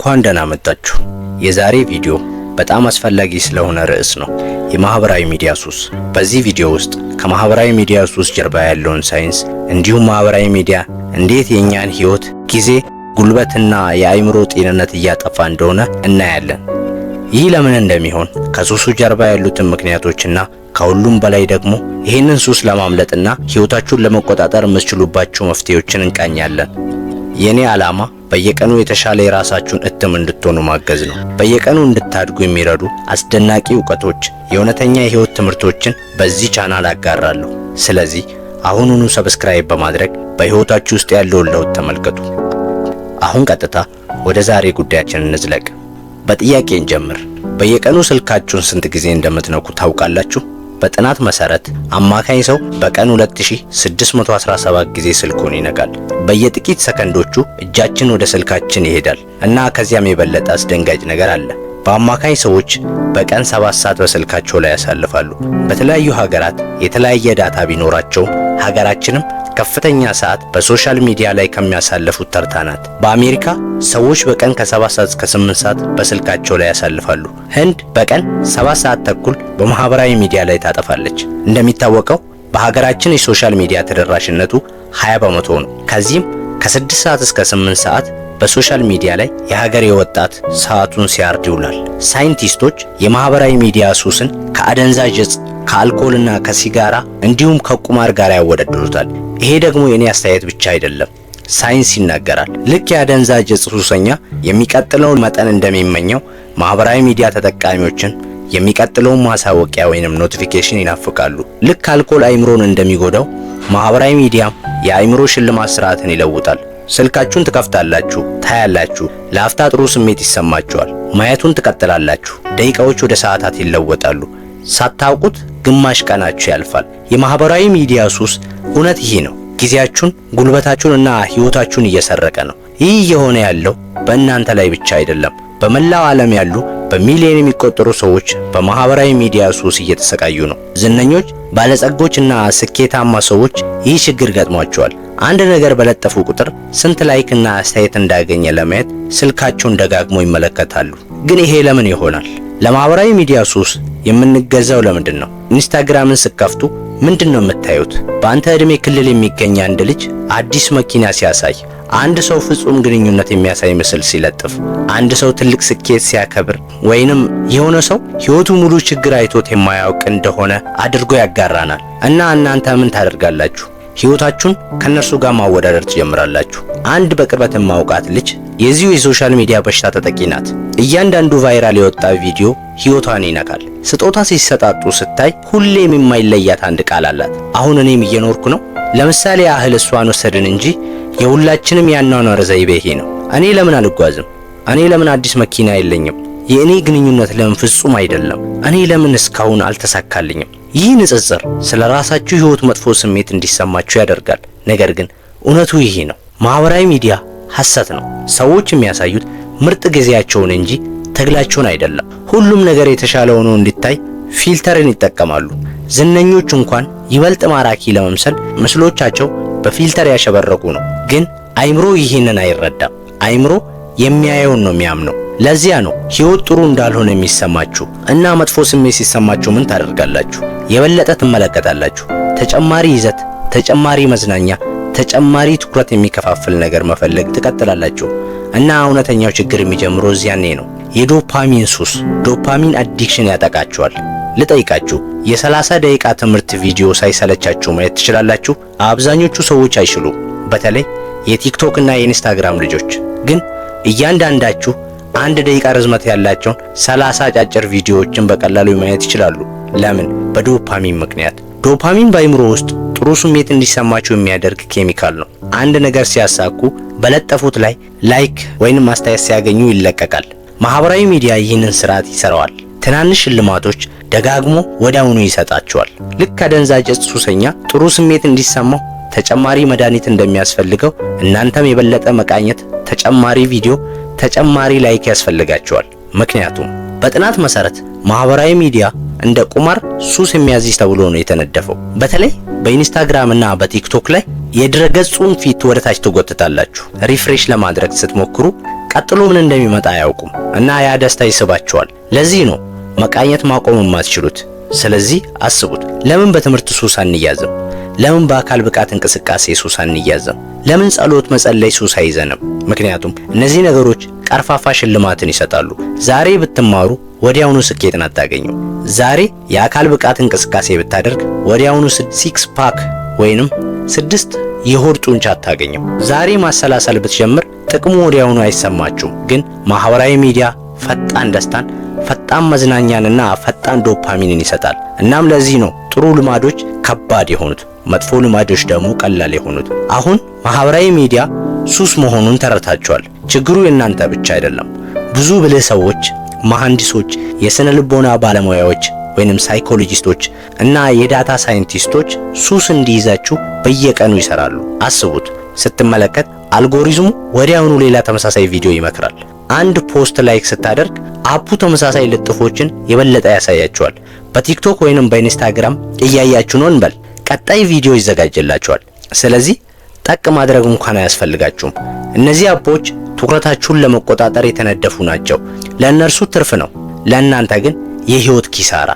እንኳን ደህና መጣችሁ። የዛሬ ቪዲዮ በጣም አስፈላጊ ስለሆነ ርዕስ ነው፣ የማህበራዊ ሚዲያ ሱስ። በዚህ ቪዲዮ ውስጥ ከማህበራዊ ሚዲያ ሱስ ጀርባ ያለውን ሳይንስ እንዲሁም ማህበራዊ ሚዲያ እንዴት የእኛን ህይወት፣ ጊዜ፣ ጉልበትና የአእምሮ ጤንነት እያጠፋ እንደሆነ እናያለን። ይህ ለምን እንደሚሆን ከሱሱ ጀርባ ያሉትን ምክንያቶችና ከሁሉም በላይ ደግሞ ይህንን ሱስ ለማምለጥና ህይወታችሁን ለመቆጣጠር የምትችሉባቸው መፍትሄዎችን እንቃኛለን። የኔ ዓላማ በየቀኑ የተሻለ የራሳችሁን እትም እንድትሆኑ ማገዝ ነው። በየቀኑ እንድታድጉ የሚረዱ አስደናቂ እውቀቶች፣ የእውነተኛ የህይወት ትምህርቶችን በዚህ ቻናል አጋራለሁ። ስለዚህ አሁኑኑ ሰብስክራይብ በማድረግ በህይወታችሁ ውስጥ ያለውን ለውጥ ተመልከቱ። አሁን ቀጥታ ወደ ዛሬ ጉዳያችን እንዝለቅ። በጥያቄ እንጀምር። በየቀኑ ስልካችሁን ስንት ጊዜ እንደምትነኩ ታውቃላችሁ? በጥናት መሰረት አማካኝ ሰው በቀን 2617 ጊዜ ስልኩን ይነካል። በየጥቂት ሰከንዶቹ እጃችን ወደ ስልካችን ይሄዳል እና ከዚያም የበለጠ አስደንጋጭ ነገር አለ። በአማካኝ ሰዎች በቀን ሰባት ሰዓት በስልካቸው ላይ ያሳልፋሉ። በተለያዩ ሀገራት የተለያየ ዳታ ቢኖራቸውም ሀገራችንም ከፍተኛ ሰዓት በሶሻል ሚዲያ ላይ ከሚያሳልፉት ተርታ ናት። በአሜሪካ ሰዎች በቀን ከ7 ሰዓት እስከ 8 ሰዓት በስልካቸው ላይ ያሳልፋሉ። ህንድ በቀን 7 ሰዓት ተኩል በማህበራዊ ሚዲያ ላይ ታጠፋለች። እንደሚታወቀው በሀገራችን የሶሻል ሚዲያ ተደራሽነቱ 20 በመቶ ነው። ከዚህም ከ6 ሰዓት እስከ 8 ሰዓት በሶሻል ሚዲያ ላይ የሀገሬ ወጣት ሰዓቱን ሲያርድ ይውላል። ሳይንቲስቶች የማህበራዊ ሚዲያ ሱስን ከአደንዛዥ እጽ ከአልኮልና ከሲጋራ እንዲሁም ከቁማር ጋር ያወዳድሩታል። ይሄ ደግሞ የእኔ አስተያየት ብቻ አይደለም፣ ሳይንስ ይናገራል። ልክ የአደንዛዥ እጽ ሱሰኛ የሚቀጥለውን መጠን እንደሚመኘው ማህበራዊ ሚዲያ ተጠቃሚዎችን የሚቀጥለውን ማሳወቂያ ወይንም ኖቲፊኬሽን ይናፍቃሉ። ልክ አልኮል አይምሮን እንደሚጎዳው ማህበራዊ ሚዲያም የአይምሮ ሽልማት ስርዓትን ይለውጣል። ስልካችሁን ትከፍታላችሁ፣ ታያላችሁ። ለአፍታ ጥሩ ስሜት ይሰማችኋል። ማየቱን ትቀጥላላችሁ። ደቂቃዎች ወደ ሰዓታት ይለወጣሉ። ሳታውቁት ግማሽ ቀናችሁ ያልፋል። የማህበራዊ ሚዲያ ሱስ እውነት ይሄ ነው። ጊዜያችሁን፣ ጉልበታችሁን እና ህይወታችሁን እየሰረቀ ነው። ይህ እየሆነ ያለው በእናንተ ላይ ብቻ አይደለም በመላው ዓለም ያሉ በሚሊዮን የሚቆጠሩ ሰዎች በማህበራዊ ሚዲያ ሱስ እየተሰቃዩ ነው። ዝነኞች፣ ባለጸጎችና ስኬታማ ሰዎች ይህ ችግር ገጥሟቸዋል። አንድ ነገር በለጠፉ ቁጥር ስንት እና አስተያየት እንዳገኘ ለማየት ስልካቸውን ደጋግሞ ይመለከታሉ። ግን ይሄ ለምን ይሆናል? ለማህበራዊ ሚዲያ ሱስ የምንገዛው ለምንድን ነው? ኢንስታግራምን ስከፍቱ ምንድን ነው የምታዩት? በአንተ ዕድሜ ክልል የሚገኝ አንድ ልጅ አዲስ መኪና ሲያሳይ፣ አንድ ሰው ፍጹም ግንኙነት የሚያሳይ ምስል ሲለጥፍ፣ አንድ ሰው ትልቅ ስኬት ሲያከብር፣ ወይንም የሆነ ሰው ሕይወቱ ሙሉ ችግር አይቶት የማያውቅ እንደሆነ አድርጎ ያጋራናል እና እናንተ ምን ታደርጋላችሁ? ህይወታችሁን ከነርሱ ጋር ማወዳደር ትጀምራላችሁ። አንድ በቅርበት የማውቃት ልጅ የዚሁ የሶሻል ሚዲያ በሽታ ተጠቂ ናት። እያንዳንዱ ቫይራል የወጣ ቪዲዮ ህይወቷን ይነካል። ስጦታ ሲሰጣጡ ስታይ ሁሌም የማይለያት አንድ ቃል አላት፣ አሁን እኔም እየኖርኩ ነው። ለምሳሌ ያህል እሷን ወሰድን እንጂ የሁላችንም ያኗኗር ዘይቤ ይሄ ነው። እኔ ለምን አልጓዝም? እኔ ለምን አዲስ መኪና የለኝም? የእኔ ግንኙነት ለምን ፍጹም አይደለም? እኔ ለምን እስካሁን አልተሳካልኝም? ይህ ንጽጽር ስለ ራሳችሁ ህይወት መጥፎ ስሜት እንዲሰማችሁ ያደርጋል። ነገር ግን እውነቱ ይህ ነው። ማህበራዊ ሚዲያ ሐሰት ነው። ሰዎች የሚያሳዩት ምርጥ ጊዜያቸውን እንጂ ትግላቸውን አይደለም። ሁሉም ነገር የተሻለ ሆኖ እንዲታይ ፊልተርን ይጠቀማሉ። ዝነኞች እንኳን ይበልጥ ማራኪ ለመምሰል ምስሎቻቸው በፊልተር ያሸበረቁ ነው። ግን አይምሮ ይህንን አይረዳም። አይምሮ የሚያየውን ነው የሚያምነው። ለዚያ ነው ህይወት ጥሩ እንዳልሆነ የሚሰማችሁ እና መጥፎ ስሜት ሲሰማችሁ ምን ታደርጋላችሁ? የበለጠ ትመለከታላችሁ። ተጨማሪ ይዘት፣ ተጨማሪ መዝናኛ፣ ተጨማሪ ትኩረት የሚከፋፍል ነገር መፈለግ ትቀጥላላችሁ እና እውነተኛው ችግር የሚጀምረው እዚያኔ ነው። የዶፓሚን ሱስ ዶፓሚን አዲክሽን ያጠቃችኋል። ልጠይቃችሁ፣ የ30 ደቂቃ ትምህርት ቪዲዮ ሳይሰለቻችሁ ማየት ትችላላችሁ? አብዛኞቹ ሰዎች አይችሉም፣ በተለይ የቲክቶክ እና የኢንስታግራም ልጆች። ግን እያንዳንዳችሁ አንድ ደቂቃ ርዝመት ያላቸውን 30 አጫጭር ቪዲዮዎችን በቀላሉ ማየት ይችላሉ። ለምን? በዶፓሚን ምክንያት። ዶፓሚን በአይምሮ ውስጥ ጥሩ ስሜት እንዲሰማቸው የሚያደርግ ኬሚካል ነው። አንድ ነገር ሲያሳኩ በለጠፉት ላይ ላይክ ወይንም ማስተያየት ሲያገኙ ይለቀቃል። ማህበራዊ ሚዲያ ይህንን ስርዓት ይሰራዋል። ትናንሽ ሽልማቶች ደጋግሞ ወዲያውኑ ይሰጣቸዋል። ልክ ከአደንዛዥ እጽ ሱሰኛ ጥሩ ስሜት እንዲሰማው ተጨማሪ መድኃኒት እንደሚያስፈልገው እናንተም የበለጠ መቃኘት፣ ተጨማሪ ቪዲዮ ተጨማሪ ላይክ ያስፈልጋቸዋል። ምክንያቱም በጥናት መሰረት ማህበራዊ ሚዲያ እንደ ቁማር ሱስ የሚያዝ ተብሎ ነው የተነደፈው። በተለይ በኢንስታግራም እና በቲክቶክ ላይ የድረገጹን ፊት ወደ ታች ትጎትታላችሁ። ሪፍሬሽ ለማድረግ ስትሞክሩ ቀጥሎ ምን እንደሚመጣ አያውቁም እና ያ ደስታ ይስባቸዋል። ለዚህ ነው መቃኘት ማቆም የማትችሉት። ስለዚህ አስቡት፣ ለምን በትምህርት ሱስ አንያዝም? ለምን በአካል ብቃት እንቅስቃሴ ሱስ አንያዝም? ለምን ጸሎት መጸለይ ሱስ አይዘንም? ምክንያቱም እነዚህ ነገሮች ቀርፋፋ ሽልማትን ይሰጣሉ። ዛሬ ብትማሩ ወዲያውኑ ስኬትን አታገኙ። ዛሬ የአካል ብቃት እንቅስቃሴ ብታደርግ ወዲያውኑ ሲክስ ፓክ ወይንም ስድስት የሆድ ጡንቻ አታገኘው። ዛሬ ማሰላሰል ብትጀምር ጥቅሙ ወዲያውኑ አይሰማችሁም። ግን ማህበራዊ ሚዲያ ፈጣን ደስታን፣ ፈጣን መዝናኛንና ፈጣን ዶፓሚንን ይሰጣል። እናም ለዚህ ነው ጥሩ ልማዶች ከባድ የሆኑት። መጥፎ ልማዶች ደግሞ ቀላል የሆኑት አሁን ማህበራዊ ሚዲያ ሱስ መሆኑን ተረታችኋል። ችግሩ የእናንተ ብቻ አይደለም። ብዙ ብልህ ሰዎች፣ መሐንዲሶች፣ የሥነ ልቦና ባለሙያዎች ወይንም ሳይኮሎጂስቶች እና የዳታ ሳይንቲስቶች ሱስ እንዲይዛችሁ በየቀኑ ይሰራሉ። አስቡት ስትመለከት አልጎሪዝሙ ወዲያውኑ ሌላ ተመሳሳይ ቪዲዮ ይመክራል። አንድ ፖስት ላይክ ስታደርግ አፑ ተመሳሳይ ልጥፎችን የበለጠ ያሳያችኋል። በቲክቶክ ወይንም በኢንስታግራም እያያችሁ ነው እንበል ቀጣይ ቪዲዮ ይዘጋጅላችኋል። ስለዚህ ጠቅ ማድረግ እንኳን አያስፈልጋችሁም። እነዚህ አፖች ትኩረታችሁን ለመቆጣጠር የተነደፉ ናቸው። ለእነርሱ ትርፍ ነው፣ ለእናንተ ግን የህይወት ኪሳራ።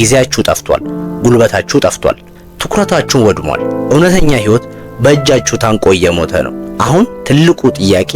ጊዜያችሁ ጠፍቷል፣ ጉልበታችሁ ጠፍቷል፣ ትኩረታችሁን ወድሟል። እውነተኛ ህይወት በእጃችሁ ታንቆ እየሞተ ነው። አሁን ትልቁ ጥያቄ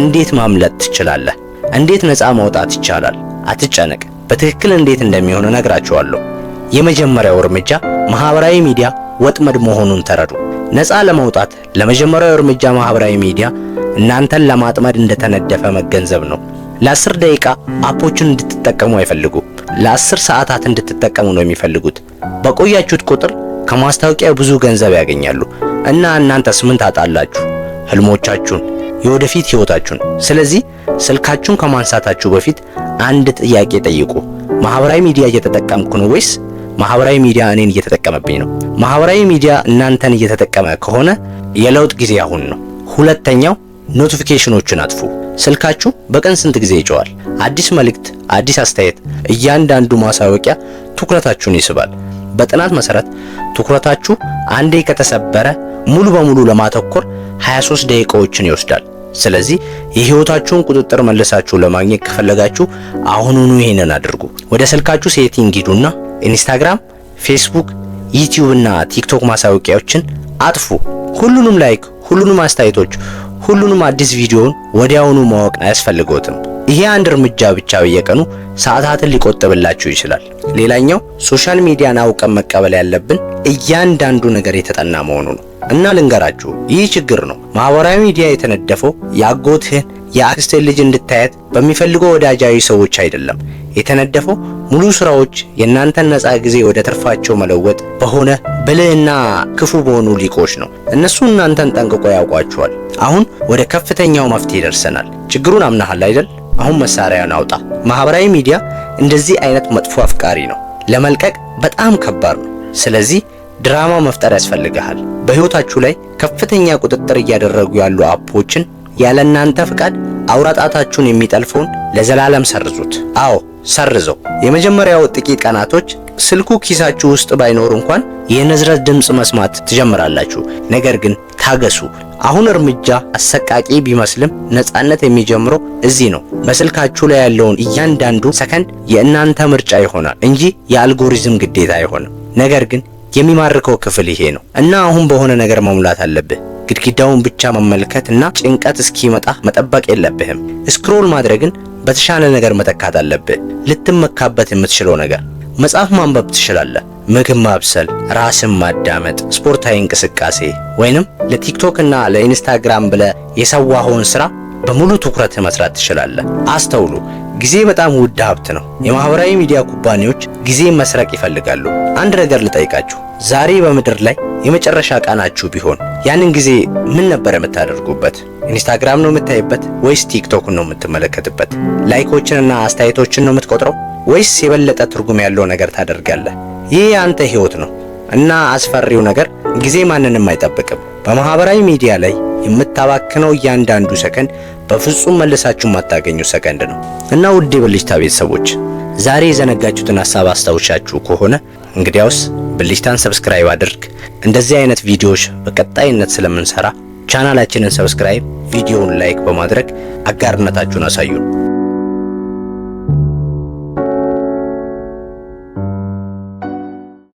እንዴት ማምለጥ ትችላለህ? እንዴት ነፃ ማውጣት ይቻላል? አትጨነቅ። በትክክል እንዴት እንደሚሆን እነግራችኋለሁ። የመጀመሪያው እርምጃ ማህበራዊ ሚዲያ ወጥመድ መሆኑን ተረዱ። ነፃ ለመውጣት ለመጀመሪያው እርምጃ ማህበራዊ ሚዲያ እናንተን ለማጥመድ እንደተነደፈ መገንዘብ ነው። ለአስር ደቂቃ አፖቹን እንድትጠቀሙ አይፈልጉ። ለአስር ሰዓታት እንድትጠቀሙ ነው የሚፈልጉት። በቆያችሁት ቁጥር ከማስታወቂያ ብዙ ገንዘብ ያገኛሉ እና እናንተስ ምን ታጣላችሁ? ህልሞቻችሁን፣ የወደፊት ህይወታችሁን። ስለዚህ ስልካችሁን ከማንሳታችሁ በፊት አንድ ጥያቄ ጠይቁ። ማህበራዊ ሚዲያ እየተጠቀምኩ ነው ወይስ ማህበራዊ ሚዲያ እኔን እየተጠቀመብኝ ነው። ማህበራዊ ሚዲያ እናንተን እየተጠቀመ ከሆነ የለውጥ ጊዜ አሁን ነው። ሁለተኛው ኖቲፊኬሽኖቹን አጥፉ። ስልካችሁ በቀን ስንት ጊዜ ይጨዋል? አዲስ መልእክት፣ አዲስ አስተያየት፣ እያንዳንዱ ማሳወቂያ ትኩረታችሁን ይስባል። በጥናት መሰረት ትኩረታችሁ አንዴ ከተሰበረ ሙሉ በሙሉ ለማተኮር 23 ደቂቃዎችን ይወስዳል። ስለዚህ የህይወታችሁን ቁጥጥር መልሳችሁ ለማግኘት ከፈለጋችሁ አሁኑኑ ይሄንን አድርጉ። ወደ ስልካችሁ ሴቲንግ ሂዱና ኢንስታግራም፣ ፌስቡክ፣ ዩቲዩብ እና ቲክቶክ ማሳወቂያዎችን አጥፉ። ሁሉንም ላይክ፣ ሁሉንም አስተያየቶች፣ ሁሉንም አዲስ ቪዲዮውን ወዲያውኑ ማወቅ አያስፈልገዎትም። ይሄ አንድ እርምጃ ብቻ በየቀኑ ሰዓታትን ሊቆጥብላችሁ ይችላል። ሌላኛው ሶሻል ሚዲያን አውቀን መቀበል ያለብን እያንዳንዱ ነገር የተጠና መሆኑ ነው እና ልንገራችሁ፣ ይህ ችግር ነው። ማህበራዊ ሚዲያ የተነደፈው ያጎትህን የአክስቴን ልጅ እንድታያት በሚፈልገው ወዳጃዊ ሰዎች አይደለም የተነደፈው። ሙሉ ስራዎች የእናንተን ነፃ ጊዜ ወደ ትርፋቸው መለወጥ በሆነ ብልህና ክፉ በሆኑ ሊቆች ነው። እነሱ እናንተን ጠንቅቆ ያውቋቸዋል። አሁን ወደ ከፍተኛው መፍትሄ ደርሰናል። ችግሩን አምናሃል አይደል? አሁን መሳሪያን አውጣ። ማህበራዊ ሚዲያ እንደዚህ አይነት መጥፎ አፍቃሪ ነው። ለመልቀቅ በጣም ከባድ ነው። ስለዚህ ድራማ መፍጠር ያስፈልግሃል። በህይወታችሁ ላይ ከፍተኛ ቁጥጥር እያደረጉ ያሉ አፖችን ያለ እናንተ ፍቃድ አውራጣታችሁን የሚጠልፈውን ለዘላለም ሰርዙት። አዎ ሰርዘው። የመጀመሪያው ጥቂት ቀናቶች ስልኩ ኪሳችሁ ውስጥ ባይኖር እንኳን የንዝረት ድምፅ መስማት ትጀምራላችሁ። ነገር ግን ታገሱ። አሁን እርምጃ አሰቃቂ ቢመስልም ነጻነት የሚጀምረው እዚህ ነው። በስልካችሁ ላይ ያለውን እያንዳንዱ ሰከንድ የእናንተ ምርጫ ይሆናል እንጂ የአልጎሪዝም ግዴታ አይሆንም። ነገር ግን የሚማርከው ክፍል ይሄ ነው እና አሁን በሆነ ነገር መሙላት አለብህ ግድግዳውን ብቻ መመልከት እና ጭንቀት እስኪመጣ መጠበቅ የለብህም። ስክሮል ማድረግን በተሻለ ነገር መተካት አለብህ። ልትመካበት የምትችለው ነገር መጽሐፍ ማንበብ ትችላለህ። ምግብ ማብሰል፣ ራስን ማዳመጥ፣ ስፖርታዊ እንቅስቃሴ ወይንም ለቲክቶክ እና ለኢንስታግራም ብለህ የሰዋኸውን ስራ በሙሉ ትኩረት መስራት ትችላለህ። አስተውሉ፣ ጊዜ በጣም ውድ ሀብት ነው። የማህበራዊ ሚዲያ ኩባንያዎች ጊዜ መስረቅ ይፈልጋሉ። አንድ ነገር ልጠይቃችሁ፣ ዛሬ በምድር ላይ የመጨረሻ ቃናችሁ ቢሆን ያንን ጊዜ ምን ነበር የምታደርጉበት? ኢንስታግራም ነው የምታይበት ወይስ ቲክቶክን ነው የምትመለከትበት? ላይኮችንና አስተያየቶችን ነው የምትቆጥረው ወይስ የበለጠ ትርጉም ያለው ነገር ታደርጋለህ? ይህ የአንተ ህይወት ነው እና አስፈሪው ነገር ጊዜ ማንንም አይጠብቅም። በማህበራዊ ሚዲያ ላይ የምታባክነው እያንዳንዱ ሰከንድ በፍጹም መልሳችሁ የማታገኙ ሰከንድ ነው እና ውድ ብልጭታ ቤተሰቦች ዛሬ የዘነጋችሁትን ሀሳብ አስታውሻችሁ ከሆነ እንግዲያውስ ብልጭታን ሰብስክራይብ አድርግ። እንደዚህ አይነት ቪዲዮዎች በቀጣይነት ስለምንሰራ ቻናላችንን ሰብስክራይብ፣ ቪዲዮውን ላይክ በማድረግ አጋርነታችሁን አሳዩን።